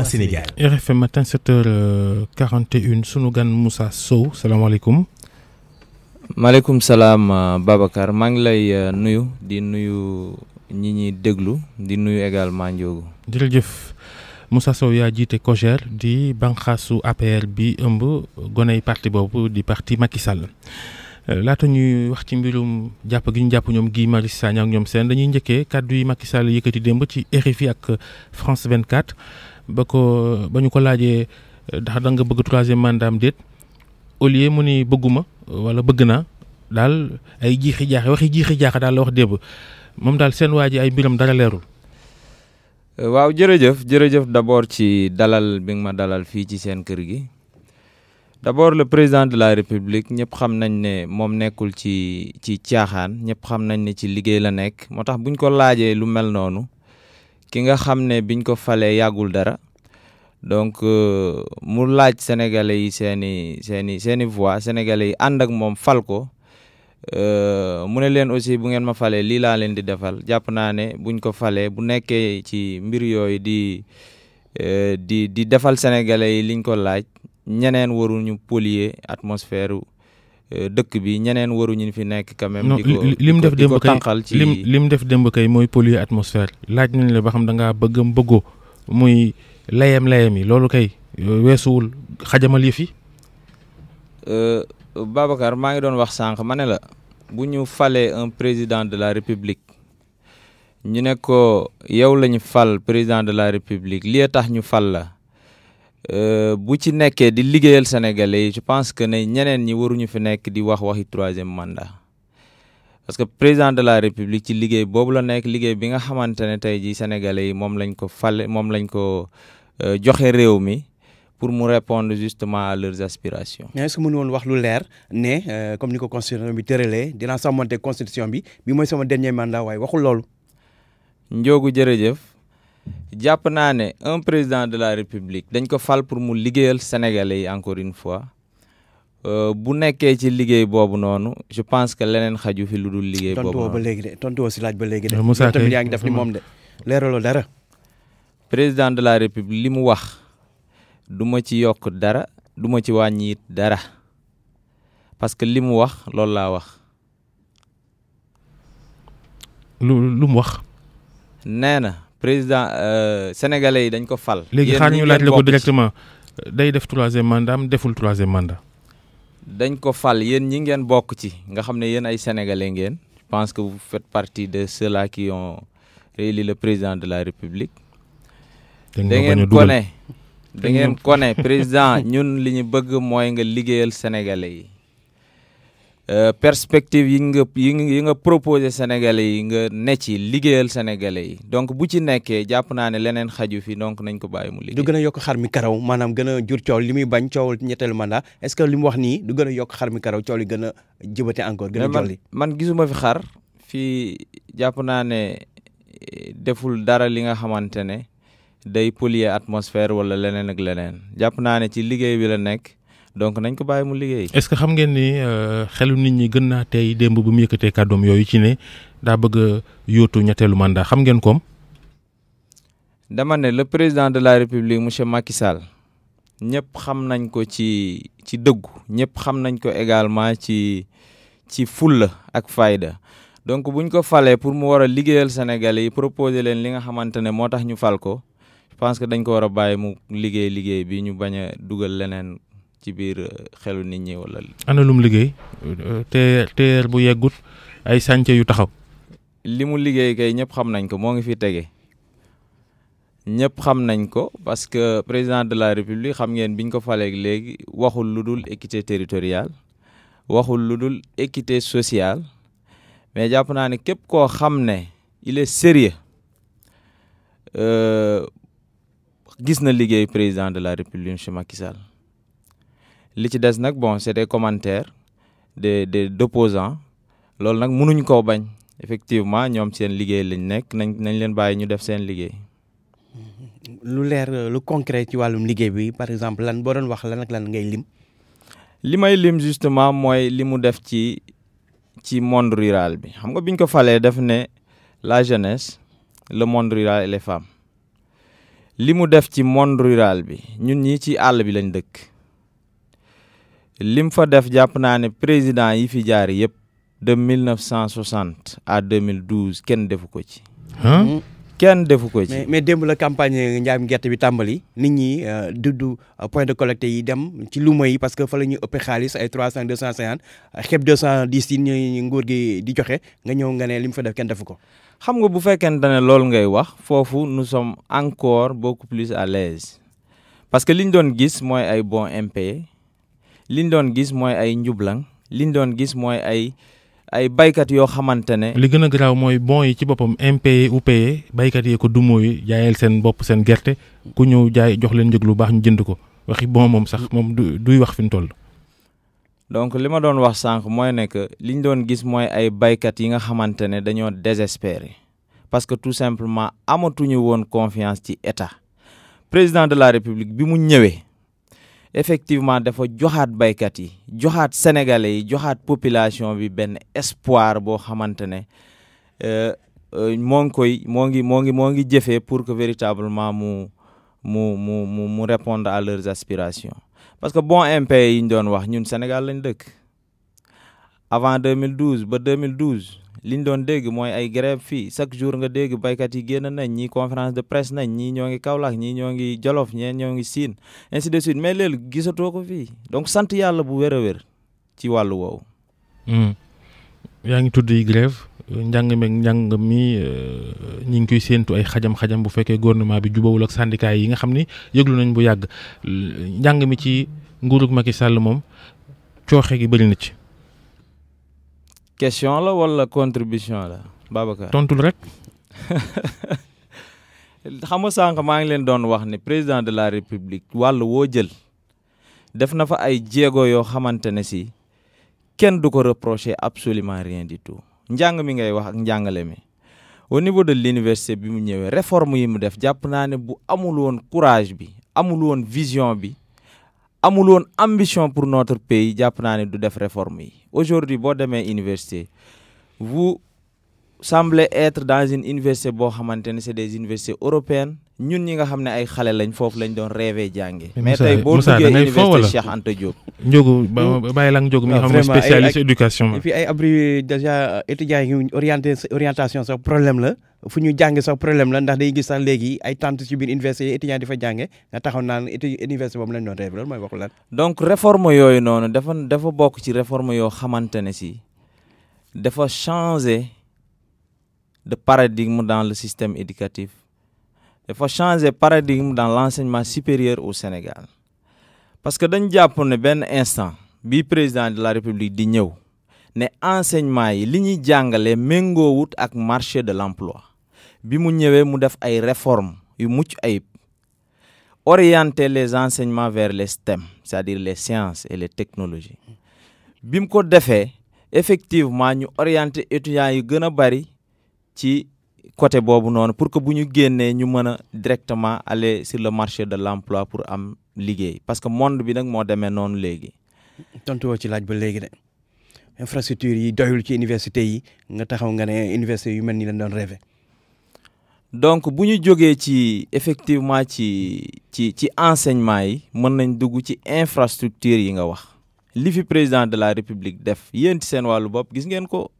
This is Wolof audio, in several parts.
et Sénégal. RFM matin 7h41 sunu gan Moussa Sow salaamaaleykum. maaleykum salaam euh, Babacar maa lay euh, nuyu di nuyu ñi deglu di nuyu également Ndiogu. jërëjëf Moussa Sow ya jiite COJER di bankhasu APR bi ëmb goney parti bobu di parti Macky Sall. Euh, laata ñuy wax ci mbirum jàpp gi ñu jàpp ñoom Guy Marius Sagna ak ñoom seen dañuy njëkkee kàddu yi Macky Sall yëkkati démb ci RFI ak France 24 ba ko ba ñu ko laajee eh, dax da bëgg troisième mandat am déet au lieu mu ni bëgguma wala bëgg naa daal ay jiixi jaaxa waxi jiixi jaaxa daal la wax démb moom daal seen waa ji ay mbiram dara leerul. Eh, waaw jërëjëf jërëjëf d'abord ci dalal bi nga ma dalal fii ci seen kër gi d'abord le président de la république ñëpp xam nañ ne moom nekkul ci ci caaxaan ñëpp xam nañ ne ci liggéey la nekk moo tax buñ ko laajee lu mel noonu ki nga xam ne biñ ko falee yàggul dara donc euh, mu laaj sénégalais yi seeni seeni seeni voix sénégalais yi ànd ak moom fal ko euh, mu ne leen aussi bu ngeen ma falee lii laa leen di defal jàpp naa ne buñ ko falee bu nekkee ci mbir yooyu di euh, di di defal sénégalais yi liñ ko laaj ñeneen waruñu polluer atmosphère Euh, dëkk bi ñeneen waru waruñu fi nekk quand li mu def démb kay ci li mu def démb kay mooy polluer atmosphère laaj nañ la ba xam da ngaa bëggam bëggoo muy layam layam yi loolu kay euh, weesuwul xajamal yëf yi. Euh, Babacar maa ngi doon wax sànq ma ne la bu ñu falee un président de la république ñu ne ko yow lañu fal président de la république li tax ñu fal la. Euh, bu ci nekkee di liggéeyal sénégalais yi je pense que ne ñeneen ñi waruñu fi nekk di wax waxi troisième mandat parce que président de la république ci liggéey boobu la nekk liggéey bi nga xamante ne tey jii sénégalais yi moom lañ ko fale moom lañ ko euh, joxe réew mi pour mu répondre justement à leurs aspirations. mais est-ce que mënu woon wax lu leer ne euh, comme ni ko constitution bi tëralee dinaa sàmmante constitution bi bi mooy sama dernier mandat waaye waxul loolu. Njoogu jërëjëf. jàpp naa ne un président de la république dañ ko fal pour mu liggéeyal sénégalais yi encore une fois euh, bu nekkee ci liggéey boobu noonu je pense que leneen xaju fi lu dul liggéey boobu noonu tontu ba léegi de tontu si laaj ba léegi de. Moussa tamit yaa ngi def ni moom de leeraloo dara. président de la république li mu wax duma ci yokk dara duma ci wàññi it dara parce que li mu wax loolu laa wax. lu mu wax. nee na. président euh, sénégalais yi dañ ko fal. léegi xaar ñu laaj la ko directement day def troisième mandat am deful troisième mandat. dañ ko fal yéen ñi ngeen bokk ci nga xam ne yéen ay sénégalais ngeen je pense que vous faites partie de ceux-là qui ont réélu le président de la république. da ngeen ko da ngeen ko président ñun li ñu bëgg mooy nga liggéeyal sénégalais yi. Euh, perspective yi nga yi yi nga proposé sénégalais yi nga ne ci liggéeyal sénégalais yi donc bu ci nekkee jàpp naa ne leneen xaju fi donc nañ ko bàyyi mu liggéey. du gën a yokk xar mi karaw maanaam gën a jur coow li muy bañ coowul ñetteelu mandat est-ce que li mu wax nii du gën a yokk xar mi karaw coow li gën a encore. gën a jolli man gisuma fi xar fii jàpp naa ne eh, deful dara li nga xamante ne day polluer atmosphère wala leneen ak leneen jàpp naa ne ci liggéey bi la nekk. donc nañ ko bàyyi mu liggéey est ce que xam ngeen ni euh, xelu nit ñi gën naa tey démb bu mu yëkkatee kàddoom yooyu ci ne daa bëgg a yóotu ñetteelu mandat xam ngeen koom dama ne le président de la république monsieur Macky Sall ñëpp xam nañ ko ci ci dëggu ñëpp xam nañ ko également ci ci fulla ak fayda donc buñ ko falee pour mu war a liggéeyal sénégalais yi proposer leen li nga xamante ne moo tax ñu fal ko je pense que dañ ko war a bàyyi mu liggéey liggéey bi ñu bañ a dugal leneen ci biir euh, xelu nit ñi wala. ana lum liggéey euh, teer bu yeggut ay sànce yu taxaw. li mu liggéey kay ñëpp xam nañ ko moo ngi fi tege ñëpp xam nañ ko parce que président de la république xam ngeen biñ ko faleeg léegi waxul lu dul équité territoriale waxul lu dul équité sociale mais jàpp naa ne képp koo xam ne il est sérieux euh, gis na liggéey président de la république monsieur Macky Sall li ci des nag bon c'est des commentaires des des d'opposants lol nag mënuñ ko bañ effectivement ñom seen liggéey lañ nek nañ nañ leen bàyyi ñu def seen liggéey. lu leer lu concret ci walum liggéey bi par exemple lan bo doon wax lan ak lan ngay lim. limay lim justement moy limu def ci ci monde rural bi xam nga biñ ko falé def ne la jeunesse le monde rural et les femmes limu def ci monde rural bi ñun ñi ci all bi lañ dëkk. lim fa def jàpp naa ne président yi fi jaar yëpp de 1960 à 2012 kenn defu ko ci. Mm. kenn defu ko ci. mais mais la campagne njaam gerte bi tàmbali nit ñi euh, duddu euh, point de collecte yi dem ci luuma yi parce que fa la ñuy ëppee xaalis ay 300 250 euh, xeeb 210 yi ñuy nguur gi di joxe nga ñëw nga ne lim fa def kenn defu ko. xam nga bu fekkente ne loolu ngay wax foofu nu sommes encore beaucoup plus à l'aise parce que li ñu doon gis mooy ay bons impayés. liñ doon gis mooy ay njublang liñ doon gis mooy ay ay baykat yoo xamante ne. li gën a garaaw mooy bon yi ci boppam impayé ou payé baykat yee ko du mooy jaayal seen bopp seen gerte ku ñëw jaay jox leen njëg lu baax ñu jënd ko waxi bon moom sax moom duy wax fi mu toll. donc li ma doon wax sànq mooy nekk li liñ doon gis mooy ay baykat yi nga xamante ne dañoo désespéré parce que tout simplement amatuñu woon confiance ci état président de la république bi mu ñëwee. effectivement dafa joxat baykat yi joxat sénégalais yi joxat population bi ben espoir bo xamantene euh, euh moo ngi koy moo ngi moo ngi pour que véritablement mu mu mu mu mu à leurs aspirations parce que bon MP yi ñu doon wax ñun Sénégal lañ dëkk avant 2012 ba 2012 liñ doon dégg mooy ay grève fii chaque jour nga dégg baykat yi génn nañ ñi conférence de presse nañ ñii ñoo ngi Kaolack ñii ñoo ngi Jolof ñee ñoo ngi Siin ainsi de suite mais léegi gisatoo ko fii donc sant yàlla bu wér a wér ci wàllu woowu. Hmm. yaa ngi tudd yi grève njàng mi njàng mi euh, ñi ngi koy séentu ay xajam-xajam bu fekkee gouvernement bi jubawul ak syndicat yi nga xam ni yëglu nañ bu yàgg njàng mi ci nguurug Macky sàll moom cooxe gi bëri na ci. question la wala contribution la Babacar. tontul rek. xam nga sànq maa ngi leen doon wax ne président de la république wàll woo jël def na fa ay jéego yoo xamante ne si kenn du ko reprocher absolument rien du tout njàng mi ngay wax ak njàngale mi au niveau de l'université bi mu ñëwee réforme yi mu def jàpp naa ne bu amul woon courage bi amul woon vision bi amul ambition pour notre pays jàpp naa du def réforme yi aujourd'hui à demee université vous semble être dans une université bo xamante c'est des universités européennes ñun ñi nga xam ay xalé lañ fofu lañ doon rêvé jànge mais tay bo duggee université Cheikh Anta Diop Ndiogu hmm? bàyyi la ak mi nga xam ne spécialiste éducation et puis ay abri déjà euh, étudiant yi orienté orientation sax problème la fu ñu jànge sax problème la ndax day gis sax léegi ay tante ci biir université étudiant difa di jànge nga taxaw naan université boobu lañ doon rêvé loolu mooy waxu lan donc réforme yooyu noonu dafa dafa bokk ci réforme yoo xamante ne si dafa changer de paradigme dans le système éducatif. Il faut changer de paradigme dans l'enseignement supérieur au Sénégal. Parce que dans un Japon, instant le président de la République di que l'enseignement enseignement yi li que le marché de l'emploi Il mu faire des réformes orienter les enseignements vers les STEM c'est-à-dire les sciences et les technologies bi mu ko fait, effectivement ñu orienter étudiants yu gëna bari ci côté bobu non pour que buñu ñu ñu mëna directement aller sur le marché de l'emploi pour am liggéey parce que monde bi nak mo démé non légui tontu ci laaj ba légui de infrastructure yi doyul ci université yi nga taxaw nga né université yu melni ni lañ doon rêvé. donc buñu joggé ci effectivement ci ci ci enseignement yi mën nañ dugg ci infrastructure yi nga wax li fi président de la république def yéen sen walu bop gis ngeen ko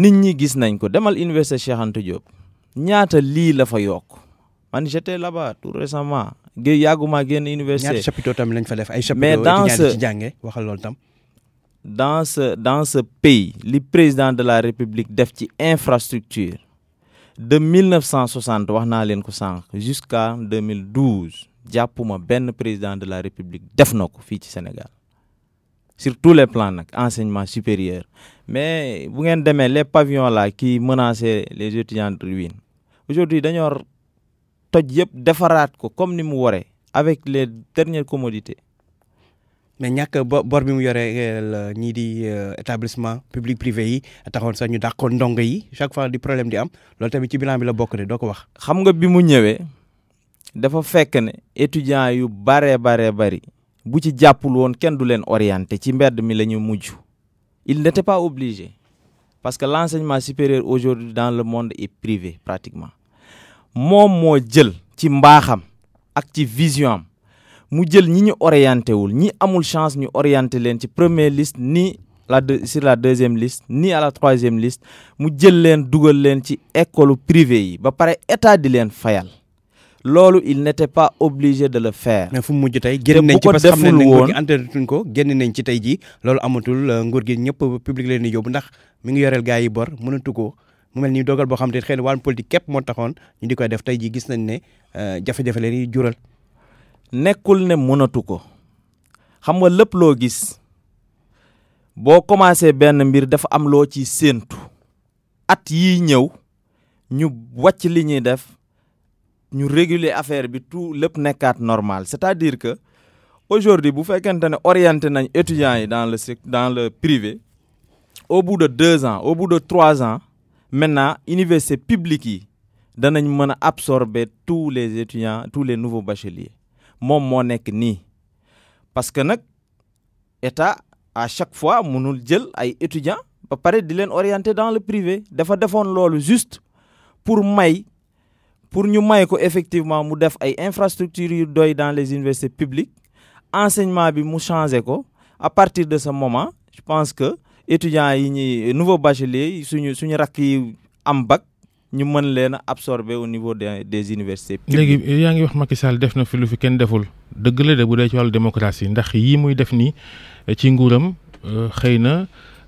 nit ñi gis nañ ko demal université Cheikh Antou Diop ñaata lii la fa yokk man j'étais là-bas tout récemment gé yàggumaa génn université. ñaata chapiteaux tamit lañ fa def ay chapitre. mais dans ce dans ce pays li président de la république def ci infrastructure de 1960 wax 2012, il ko sank jusqu'à 2012 jappuma ben président de la république def nako fi ci Sénégal sur tous les plans nag enseignement supérieur mais vous voyez demain, les pavillons là qui menaçaient les étudiants de ruine aujourd'hui d'ailleurs toj yëpp défarat, ko comme nous mu avec les dernières commodités. mais il bo bor bi mu yore publics euh, di euh, établissement public privé yi taxoon sax ñu yi chaque fois des problèmes di am loolu tamit ci bilan bi la bokk de doo ko wax. xam nga bi mu ñëwee dafa fekk étudiants yu baree très, bari bu ci jappul won ken du len orienter ci mbedd mi lañu mujj il n'était pas obligé parce que l'enseignement supérieur aujourd'hui dans le monde est privé pratiquement mom mo jël ci mbaxam ak ci vision am mu jël ñi ñu orienté wul ñi amul chance ñu orienté len ci première liste ni la de sur la deuxième liste ni à la troisième liste mu jël len duggal len ci école privée yi ba paré état di len fayal loolu il n'était pas obligé de le faire. mais fu mu mujj tey génn nañ ci parce que xam nañ ne nguur gi ko genn nañ ci tay ji loolu amatul euh, ngor gi ñepp public leen di ndax mi ngi yorel gaay yi bor mënatu ko mu melni dogal bo xam te xëy politique képp mo taxone ñu di koy def tay ji gis nañ ne jafé euh, jafe leen di jural. nekkul ne mënatu ko xam nga lepp lo gis bo commencé ben mbir dafa am lo ci sentu at yi ñew ñu wacc li ñi def. Nous réguler affaire bi tout le nekkaat normal c'est-à-dire que aujourd'hui bu fekkente ne orienté étudiants dans le dans le privé au bout de deux ans au bout de trois ans maintenant université publique yi danañ absorber tous les étudiants tous les nouveaux bacheliers moom moo nekk nii parce que nag à chaque fois nous jël ay étudiants ba pare di orienter dans le privé dafa defoon le juste pour may pour ñu may effectivement mu def ay infrastructures yu doy dans les universités publiques enseignement bi mu changer ko à partir de ce moment je pense que étudiants yi ñi nouveau bachelier suñu suñu rak yi am bac ñu mën leen absorber au niveau des universités. légui ya ngi wax Macky Sall def na fi lu fi kenn deful deug le de bu dee ci démocratie ndax yi muy def ni ci nguuram euh, xeyna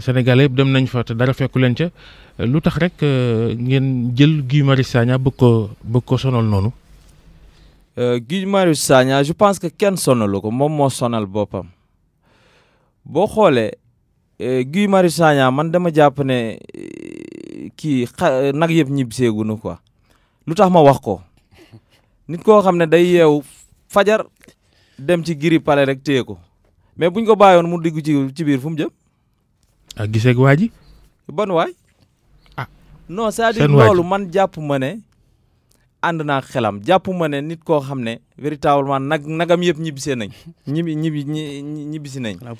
Sénégal yëpp dem nañ fa te dara fekku leen ca lu tax rek euh, ngeen jël Guy Marius Sagna bëgg ko bëgg ko sonal noonu. Euh, Guy Marius Sagna je pense que kenn sonalu ko moom moo sonal boppam boo xoolee euh, Guy Marius Sagna man dama jàpp ne kii nag yëpp ñibbiseegu na quoi lu tax ma wax ko nit koo xam ne day yeewu fajar dem ci giri pale rek téye ko mais buñ ko bàyyoon mu diggu ci ci biir fu mu jëm. ak ah, giseeg waa ji. a no ah loolu man jàpp ma ne. ànd naa xelam jàpp ma ne nit koo xam ne véritablement nag nagam yëpp ñibbisee nañ ñibbi ñibbi ñibbisi nañ. Ah,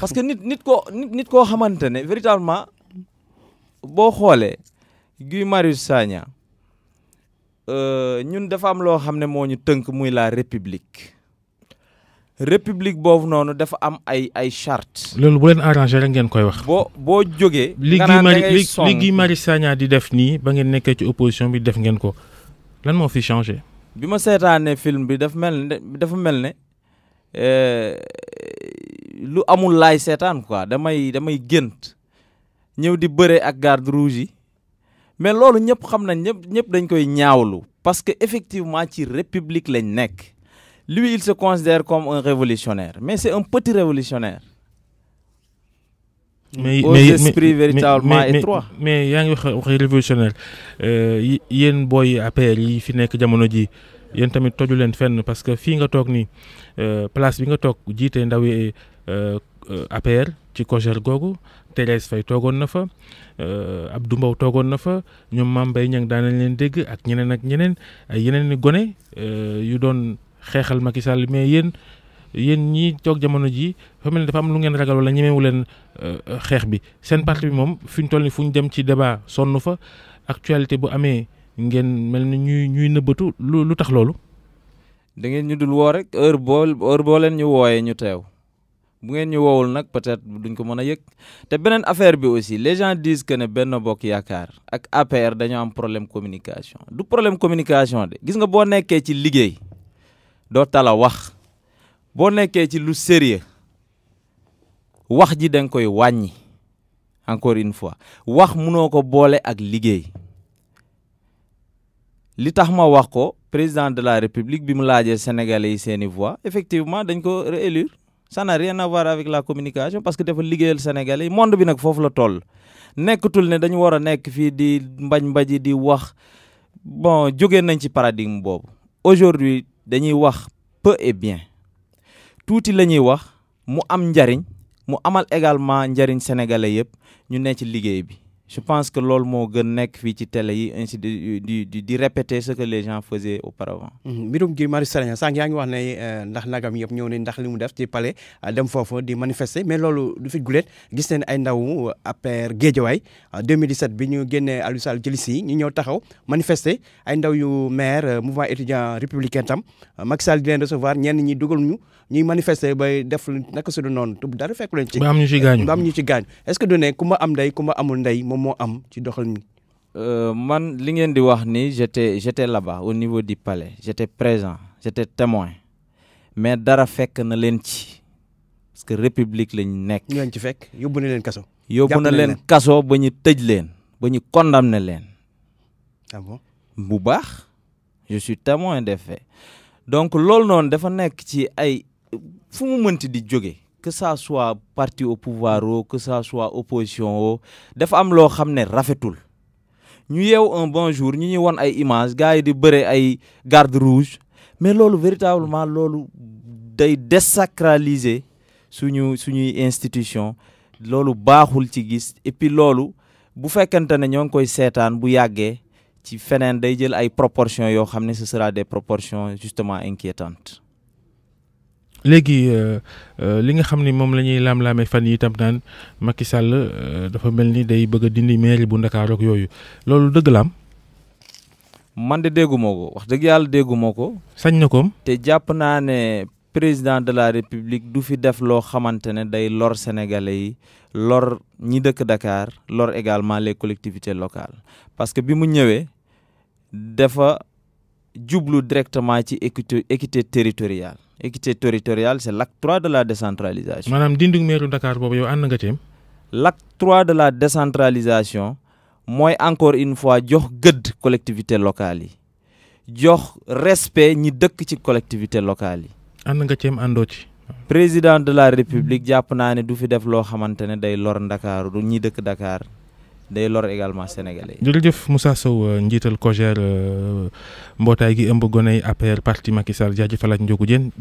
parce que nit nit koo nit nit koo xamante ne véritablement boo xoolee. Guy Marius Sagna euh, ñun dafa am loo xam ne moo ñu tënk muy la république. république boobu noonu dafa am ay ay charte loolu bu leen arrangé rek ngeen koy wax. boo boo jógee. mari Guy mari Sagna di def nii ba ngeen nekkee ci opposition bi def ngeen ko lan moo fi changé. bi ma seetaanee film bi dafa mel ne dafa mel ne eh, lu amul laay seetaan quoi damay damay gént ñëw di bëre ak garde rouge yi mais loolu ñëpp xam nañ ñëpp ñëpp dañ koy ñaawlu parce que effectivement ci république lañ nekk. Lui, il se considère comme un révolutionnaire, mais c'est un petit révolutionnaire. mais mais mais véritablement étroit. mais il euh, y a un révolutionnaire Père, il APR yi fi jamono ji tamit parce que fii nga il euh, place bi nga toog jiite ndaw yi euh, APR ci COJER googu Thérèse Faye togon na ak ñeneen ak ñeneen gone yu xeexal Macky Sall mais yeen yeen ñi tok jamono ji fa melni dafa am lu ngeen ragal wala ñemewu leen euh, xeex bi seen parti bi mom fuñ tolni fuñ dem ci débat sonu fa actualité bu amé ngeen melni ñuy ñuy neubatu lu tax lolu da ngeen ñu dul wo rek heure boo heure bo leen ñu woyé ñu tew bu ngeen ñu wowul nak peut-être duñ ko mëna yek té benen affaire bi aussi les gens disent que né benn bok yakar ak APR dañu am problème communication du problème communication de gis nga bo nekkee ci liguey Si la wax bo nekké ci lu sérieux wax ji koy encore une fois wax mënoko bolé ak li président de la république bi sénégalais yi voix effectivement dañ ko ça n'a rien à voir avec la communication parce que dafa liggéeyal sénégalais monde bi nak fofu la toll nekkutul ne dañu wara nekk di mbaji di wax bon nañ ci paradigme aujourd'hui dañuy wax peu et bien tuuti la ñuy wax mu am njariñ mu amal également njariñ sénégalais yëpp ñu ne ci liggéey bi je pense que l'olmo moo gën nekk ci télé yi ainsi di di di répéter ce que les gens faisaient auparavant. Hum, mbirum Guy Marius Sagna sànq yaa ngi wax né euh, ndax nagam yëpp ñëw ne ndax limu def ci palais euh, dem fofu di manifester mais l'olu du fi guléet gis nañ ay ndaw APR Guédiawaye 2017 euh, bi ñu génné Aliou Sall ci yi ñu ñëw taxaw manifester ay ndaw yu maire mouvement étudiant républicain tam Macky Sall di leen recevoir ñen ñi duggal ñu ñuy manifester bay def nak su du noonu dara fekk leen ci. ba am ñu ci gañu ba am ñu ci gaañu est-ce que du ne am ndey kuma amul nday moom moo am ci doxalin euh, man li ngeen di wax ni j'étais j'étais là-bas au niveau du palais j'étais présent j'étais témoin mais dara fekk na leen ci parce que république lañ nekk. ñu leen ci fekk yóbbu na leen kaso. yóbbu na leen kaso ba ñu tëj leen ba ñu condamné leen. ah bon bu baax je suis témoin des faits donc loolu noonu dafa nekk ci ay fu mu mënti di jóge que ça soit parti au pouvoir ou que ça soit opposition o dafa am lo xamné rafetul ñu yew un bon jour ñi ñuy won ay image gars yi di béré ay garde rouge mais lolu véritablement lolu day désacraliser suñu suñuy institution lolu baxul ci gis et puis lolu bu fekkente ne ñoo koy sétane bu yàggee ci fenen day jël ay proportions yo xamné ce sera des proportions justement inquiétantes léegi euh, euh, li nga xam ni moom la ñuy laam-laame fan yi itam naan Macky Sall euh, dafa mel ni day bëgg a dindi mairie bu Ndakaaru yooyu loolu dëgg laam man de déggu ko wax dëgg yàlla déggu ko sañ na ko te jàpp naa ne président de la république du fi def loo xamante ne day lor sénégalais yi lor ñi dëkk Dakar lor également les collectivités locales parce bi mu ñëwee dafa djublu directement ci équité équité territoriale équité territoriale c'est l'acte 3 de la décentralisation. manam dindou meeru Dakar bobu yow and nga ci. l'acte 3 de la décentralisation moy encore une fois jox geud collectivité locale yi jox respect ñi dëkk ci collectivité locale yi. and nga ci ando ci. président de la république jàpp naa du fi def lo xamantene day lor dakar ñi dëkk Dakar. day lor également sénégalais yi. jërëjëf Moussa Sow euh, njiital COJER euh, mbootaay gi ëmb goney APR parti Macky Sall jaajëfal ak Ndiogou